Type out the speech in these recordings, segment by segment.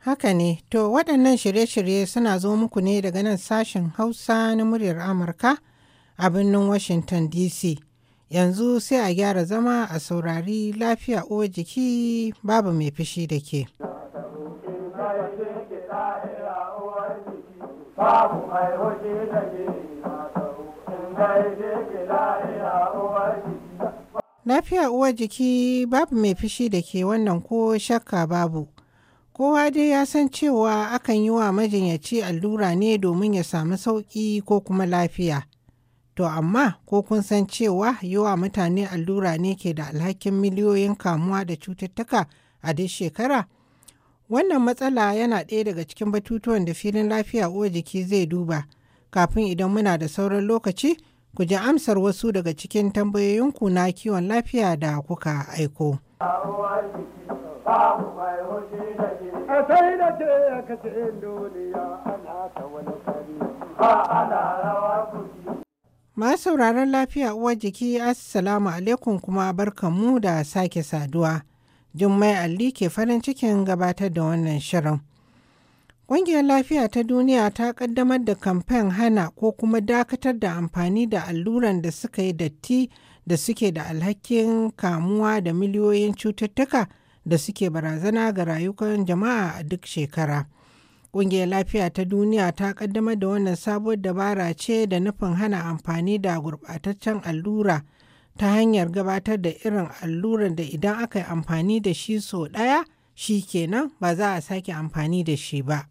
Haka ne, to waɗannan shirye-shirye suna zo muku ne daga nan sashen Hausa na muryar Amurka a birnin Washington DC. Yanzu sai a gyara zama a saurari lafiya uwa jiki babu mai fushi da ke. Lafiya uwa jiki babu mai fushi da ke wannan ko shakka babu. Kowa dai ya san cewa akan yi wa majinyaci allura ne domin ya samu sauƙi ko kuma lafiya. To amma ko kun san cewa yi wa mutane allura ne ke da alhakin miliyoyin kamuwa da cututtuka a duk shekara? Wannan matsala yana ɗaya daga cikin batutuwan da filin lafiya uwa jiki zai duba. Kafin idan muna da sauran lokaci, ku ji amsar wasu daga cikin tambayoyinku na kiwon lafiya da kuka aiko. Ma sauraron lafiya uwar jiki assalamu alaikum kuma barkanmu da sake saduwa. Jummai Alli ke farin cikin gabatar da wannan shirin. Ƙungiyar Lafiya ta Duniya ta ƙaddamar da kamfen hana ko kuma dakatar da amfani da alluran da suka yi datti da suke da alhakin kamuwa da miliyoyin cututtuka da suke barazana ga rayukan jama'a a duk shekara. Ƙungiyar Lafiya ta Duniya ta ƙaddamar da wannan sabuwar dabara ce da nufin hana amfani da gurɓataccen allura ta hanyar gabatar da irin allurar da idan aka yi amfani da shi sau ɗaya shi kenan ba za a sake amfani da shi ba.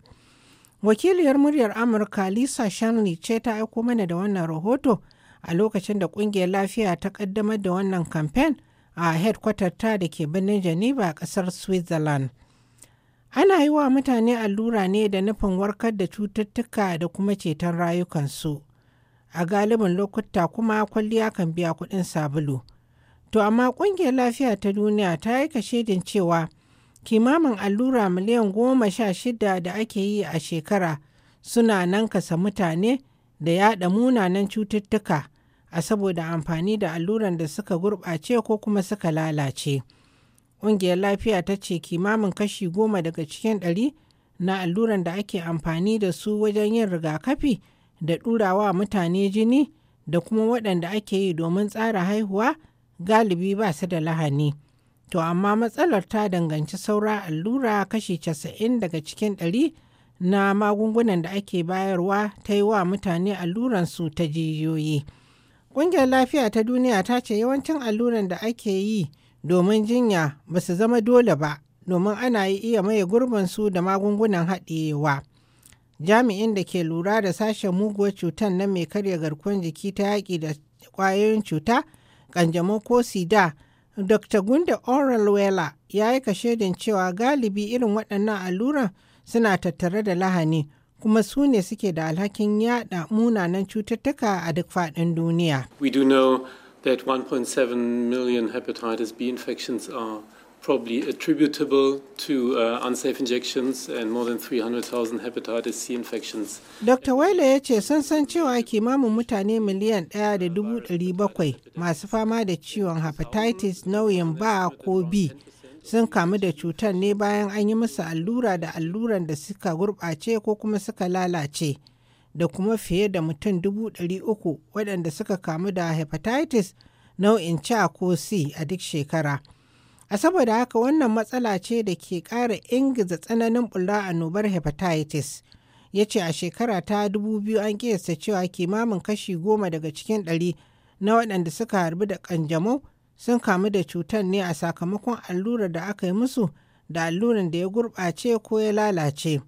Wakiliyar muryar Amurka Lisa Shanley ce ta aiko mana da wannan rahoto a lokacin da ƙungiyar lafiya ta ƙaddamar da wannan kamfen a headquarter ta da ke birnin geneva a kasar switzerland ana yi wa mutane allura ne da nufin warkar da cututtuka da kuma ceton rayukansu a galibin lokuta kuma kwalliya kan biya kuɗin sabulu to amma ƙungiyar lafiya ta duniya ta yi kashedin cewa kimamin allura miliyan goma sha shida da ake yi a shekara suna nan kasa mutane da yaɗa munanan cututtuka a saboda amfani da alluran da suka gurɓace ko kuma suka lalace. Ƙungiyar lafiya ta ce kimamin kashi goma daga cikin ɗari na alluran da ake amfani da su wajen yin rigakafi da ɗurawa mutane jini da kuma waɗanda ake yi domin tsara haihuwa galibi ba su da lahani. To amma matsalar ta danganci saura allura kashi casa'in daga cikin ɗari na magungunan da ake bayarwa ta yi wa mutane alluran su ta jijiyoyi. Ƙungiyar Lafiya ta Duniya ta ce yawancin alluran da ake yi domin jinya ba su zama dole ba domin ana iya maye gurbinsu da magungunan haɗewa. Jami'in da ke lura da sashen muguwar cutar na mai karya garkuwar jiki ta yaƙi da ƙwayoyin cuta, ƙanjamau ko sida, Dr. Gunda Oral Wela ya yi kashedin cewa galibi irin waɗannan alluran suna tattare da lahani kuma su ne suke da alhakin yada munanan cututtuka a duk faɗin duniya. We do know that 1.7 million hepatitis B infections are probably attributable to uh, unsafe injections and more than 300,000 hepatitis C infections. Dr. Waila ya ce sun san cewa kimanin mutane miliyan ɗaya da dubu masu fama da ciwon hepatitis nauyin ba ko B sun kamu da cutar ne bayan an yi musu allura da alluran da suka gurɓace ko kuma suka lalace da kuma fiye da mutum dubu ɗari uku waɗanda suka kamu da hepatitis nau'in C ko C a duk shekara. A saboda haka wannan matsala ce da ke ƙara ingiza tsananin ɓulla annobar hepatitis. Ya ce a shekara ta dubu biyu an kiyasta cewa kimamin kashi goma daga cikin ɗari na waɗanda suka harbi da ƙanjamau sun kamu da cutar ne a sakamakon allurar da aka yi musu da alluran da ya gurɓace ko ya lalace.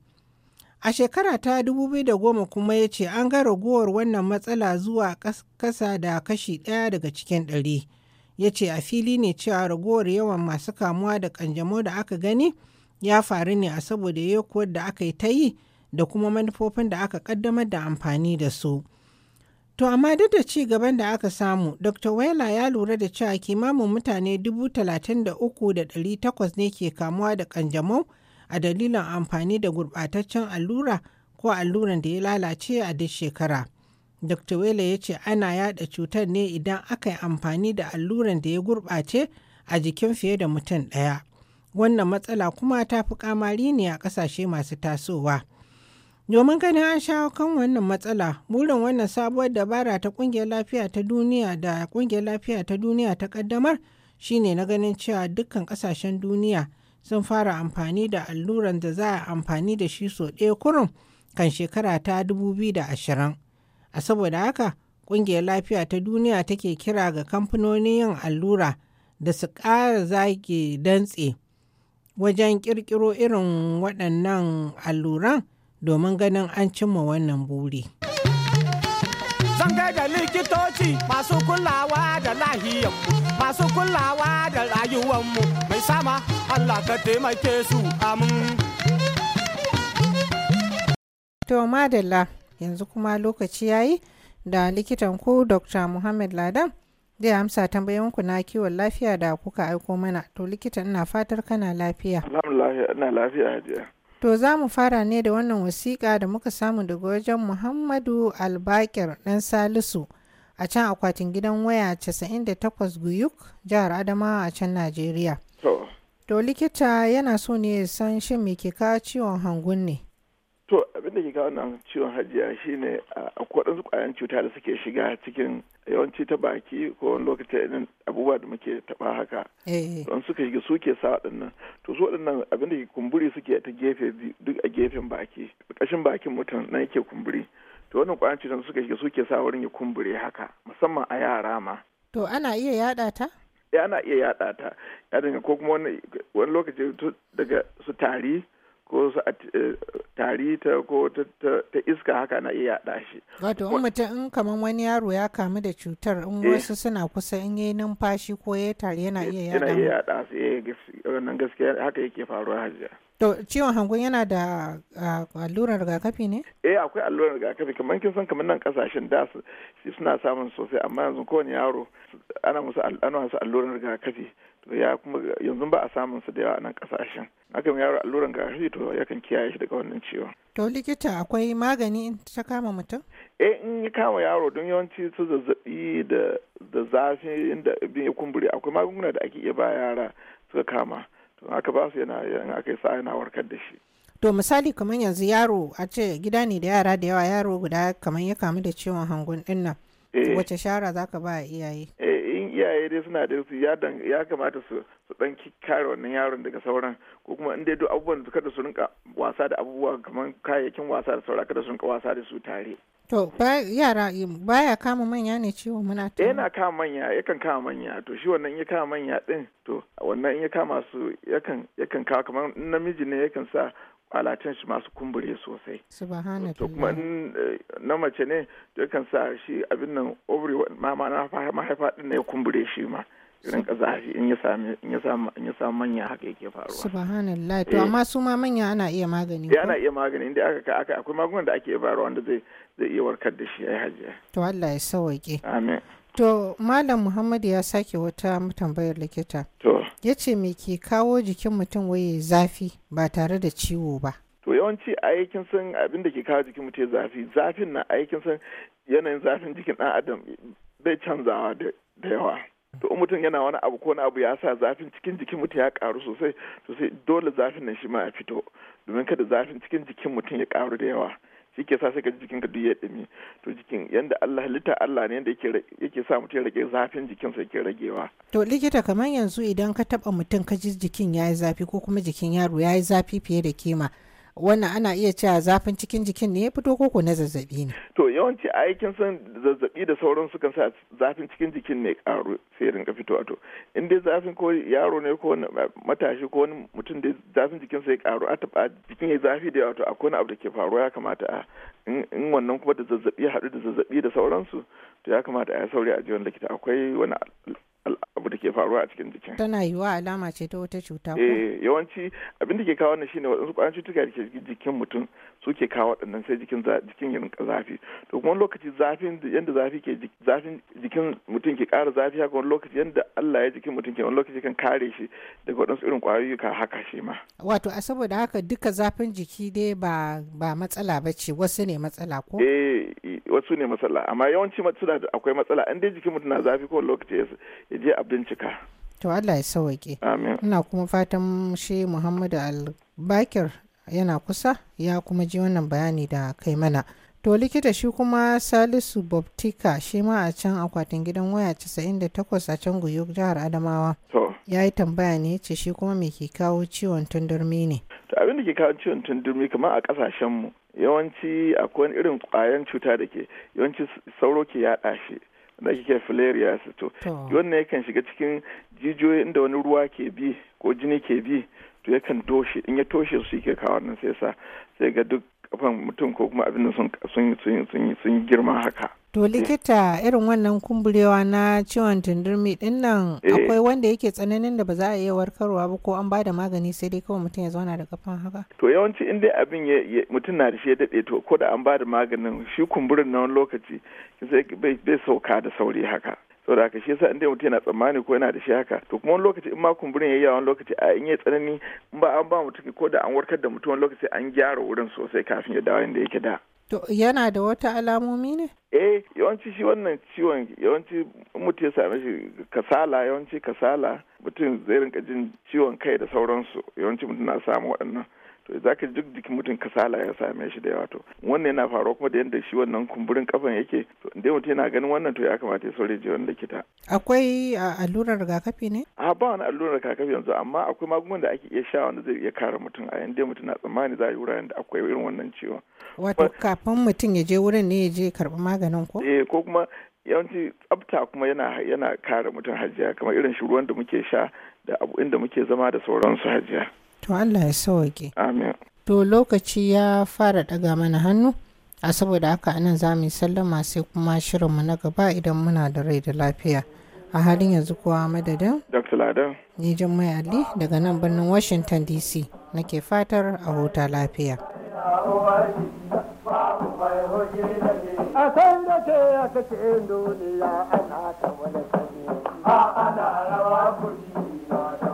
A shekara ta 2010 kuma ya ce an ga ragowar wannan matsala zuwa kasa da kashi ɗaya daga cikin ɗari. Ya ce a fili ne cewa ragowar yawan masu kamuwa da ƙanjamau da aka gani ya faru ne a saboda yakuwar da aka yi ta yi da kuma manufofin da aka ƙaddamar da amfani da su. To amma duk da ci gaban da aka samu, Dr. Wela ya lura da cewa kimanin mutane 33,800 ne ke kamuwa da kanjamau a dalilin amfani da gurbataccen allura ko alluran da ya lalace a duk shekara. Dr. Wela ya ce ana yada cutar ne idan aka yi amfani da alluran da ya gurbace a jikin fiye da mutum ɗaya. Wannan matsala kuma ta fi kamari ne a ƙasashe masu tasowa. Domin ganin an shawo kan wannan matsala, burin wannan sabuwar dabara ta ƙungiyar lafiya ta duniya da ƙungiyar lafiya ta duniya ta ƙaddamar shine na ganin cewa dukkan ƙasashen duniya sun fara amfani da alluran da za a amfani da shi so ɗaya kurum kan shekara ta 2020. A saboda haka, ƙungiyar lafiya ta duniya take kira ga kamfanonin yin allura da su ƙara zage dantse wajen ƙirƙiro irin waɗannan alluran domin ganin an cimma wannan buri. Zan kai da likitoci masu kulawa da lahiyar masu kulawa da rayuwanmu mai sama Allah ka taimake su amin. To madalla yanzu kuma lokaci yayi da likitan ku Dr. Muhammad Ladan zai amsa tambayoyinku na kiwon lafiya da kuka aiko mana to likitan ina fatar kana lafiya. Alhamdulillah ina lafiya hajiya. To za mu fara ne da wannan wasiƙa da muka samu daga wajen Muhammadu Albakir ɗan Salisu a can akwatin gidan waya 98 Guyuk jihar Adamawa a can Najeriya. To likita yana so ne san shin me ke kawo ciwon hangun ne? abin da ke kawo nan ciwon hajiya shine ah, akwai waɗansu ƙwayan cuta da suke shiga cikin yawanci ta baki ko wani lokaci irin abubuwa da muke taɓa haka eh. don suka shiga suke sa waɗannan to su waɗannan abin da ke kumburi suke ta gefe duk a gefen baki ƙashin bakin mutum na yake kumburi to wannan ƙwayan cutar suka shiga suke sa wurin ya kumbure haka musamman a yara ma to ana iya yaɗa ta eh, ana iya yaɗa ta ya ko kuma wani lokaci daga su tari ko su a eh, tari ta ko ta iska haka na iya yaɗa shi. Wato in mutum in kamar wani yaro ya kamu da cutar in eh. wasu suna kusa in yi numfashi ko ya tari yana iya yaɗa. Yana iya yaɗa su eh wannan gaskiya haka yake faruwa hajiya. To ciwon hangun yana da allurar rigakafi ne? Eh akwai allurar rigakafi kamar kin san kamar nan kasashen da suna samun sosai amma yanzu kowane yaro ana musu allurar rigakafi to ya kuma yanzu ba a samun su da yawa nan kasashen aka yaro alluran shi to yakan kiyaye shi daga wannan ciwon to likita akwai magani in ta kama mutum eh in ya kama yaro don yawanci su zazzabi da da zafi inda bin ya kumbure akwai magunguna da ake iya ba yara suka kama to aka ba su yana yin aka sa yana warkar da shi to misali kamar yanzu yaro a ce gida ne da yara da yawa yaro guda kamar ya kamu da ciwon hangun dinnan eh. wace shara zaka ba iyaye eh, iyaye dai suna da su ya kamata su su dan kare wannan yaron daga sauran ko kuma in dai duk abubuwan da kada su rinka wasa da abubuwa kamar kayayyakin wasa da saura kada su rinka wasa da su tare to yara baya kama manya ne ciwo muna ta eh, yana kama manya yakan kama manya to shi wannan ya kama manya din to wannan ya kama su yakan yakan kawo kamar namiji ne yakan sa alatan shi masu kumbure sosai Subhanallah. kuma eh, na mace ne to kan sa shi abin nan ovary mama na mahaifa din ne ya kumbure shi ma irin kazafi in ya samu in ya in ya samu manya haka yake faruwa subhanallah to eh. amma su ma manya ana iya magani eh, ko ana iya magani inda aka ka aka akwai magungunan da ake bayarwa wanda zai zai iya warkar da shi ai hajiya to Allah ya sauke amin To Malam Muhammad ya sake wata tambayar likita. To. Ya ce me ke kawo jikin mutum waye zafi ba tare da ciwo ba. To yawanci aikin san abin da ke kawo jikin mutum zafi zafin na aikin san yanayin zafin jikin ɗan adam bai canzawa da yawa. To in mutum yana wani abu ko wani abu ya sa zafin cikin jikin mutum ya karu sosai sosai dole zafin nan shi ma ya fito domin kada zafin cikin jikin mutum ya karu da yawa. shi ke sa sai ka ji jikinka duk ya dumi to jikin yanda Allah halitta Allah ne yanda yake yake sa mutum ya rage zafin jikin sa yake ragewa to likita kamar yanzu idan ka taɓa mutum ka ji jikin yayi zafi ko kuma jikin yaro yayi zafi fiye da kima wannan ana iya cewa zafin cikin jikin ne ya fito koko na zazzabi ne to yawanci aikin san zazzabi da sauran kan sa zafin cikin jikin ne karu sai ya rinka fito to in dai zafin ko yaro ne ko eh, matashi ko wani mutum da zafin jikin sai karu a taba jikin ya zafi da yawa to akwai wani abu da ke faruwa ya kamata a in wannan kuma da zazzabi haɗu da zazzabi da sauransu to ya kamata a ya sauri a ji wani likita akwai wani abu da ke faruwa a cikin jikin tana yiwuwa alama ce ta wata cuta ko eh yawanci abin da ke kawo wannan shine waɗansu ƙwayoyin cutuka da ke jikin mutum suke kawo waɗannan sai jikin jikin ya rinka zafi to kuma lokaci zafin yadda zafi ke zafin jikin mutum ke ƙara zafi haka wani lokaci yadda Allah ya jikin mutum ke wani lokaci kan kare shi daga waɗansu irin ƙwayoyuka haka shi ma wato a saboda haka duka zafin jiki dai ba ba matsala ba ce wasu ne matsala ko eh wasu ne matsala amma yawanci matsala akwai matsala an dai jikin mutum na zafi ko lokaci ya je a bincika to Allah ya sauke amin ina kuma fatan shi Muhammadu Albakir yana kusa ya kuma ji wannan bayani da kai mana to likita shi kuma Salisu Boptika shi ma a can akwatin gidan waya 98 a can Guyo jihar Adamawa ya yi tambaya ne ce shi kuma me ke kawo ciwon tundurmi ne to abin da ke kawo ciwon tundurmi kamar a kasashen mu yawanci akwai irin kwayan cuta da ke yawanci sauro ke yaɗa shi da kike filariya su to wannan yakan shiga cikin jijiyoyi inda wani ruwa ke bi ko jini ke bi to yakan toshe in ya toshe su yake kawo nan sai sa sai ga duk kafan mutum ko kuma abin sun sun sun girma haka To eh. likita irin wannan kumburewa na ciwon tundurmi din nan eh. akwai wanda yake tsananin da ba za a iya warkarwa ba ko an ba da magani sai dai kawai mutum ya zauna da kafan haka. To yawanci inda abin abin mutum na da shi ya daɗe to ko da an ba da maganin shi kumburin na wani lokaci sai bai sauka da sauri haka. da haka shi yasa inda mutum yana tsammani ko yana da shi haka to kuma wani lokaci in ma kumburin yayi wani lokaci a in ya tsanani in ba an ba mutum ko da an warkar da mutum wani lokaci an gyara wurin sosai kafin ya dawo inda yake da To yana da wata alamomi ne? Eh yawanci shi wannan ciwon yawanci mutu ya same shi kasala yawanci kasala mutum zai rinka jin ciwon kai da sauransu yawanci mutum na samu waɗannan. za ka duk jikin mutum kasala ya same shi da yawa to wannan yana faruwa kuma da yadda shi wannan kumburin kafan yake to inda mutum yana ganin wannan to ya kamata ya saurin jiran likita. akwai allurar rigakafi ne? a ba wani allurar rigakafi yanzu amma akwai magungunan da ake iya sha wanda zai iya kare mutum a yanda mutum na tsammani za a yi wuraren da akwai irin wannan ciwon. wato kafin mutum ya je wurin ne ya je karɓi maganin ko? eh ko kuma yawanci tsafta kuma yana yana kare mutum hajiya kamar irin shi ruwan da muke sha da abu inda muke zama da sauransu hajiya. To Allah ya sauke. Amin. To lokaci ya fara ɗaga mana hannu, a saboda haka anan za mu yi sallama sai kuma shirinmu na gaba idan muna da rai da lafiya. A halin yanzu kuwa madadin? Dr. Ladan. Ni Jummai Ali daga nan birnin Washington DC nake fatar a huta lafiya. A ana rawa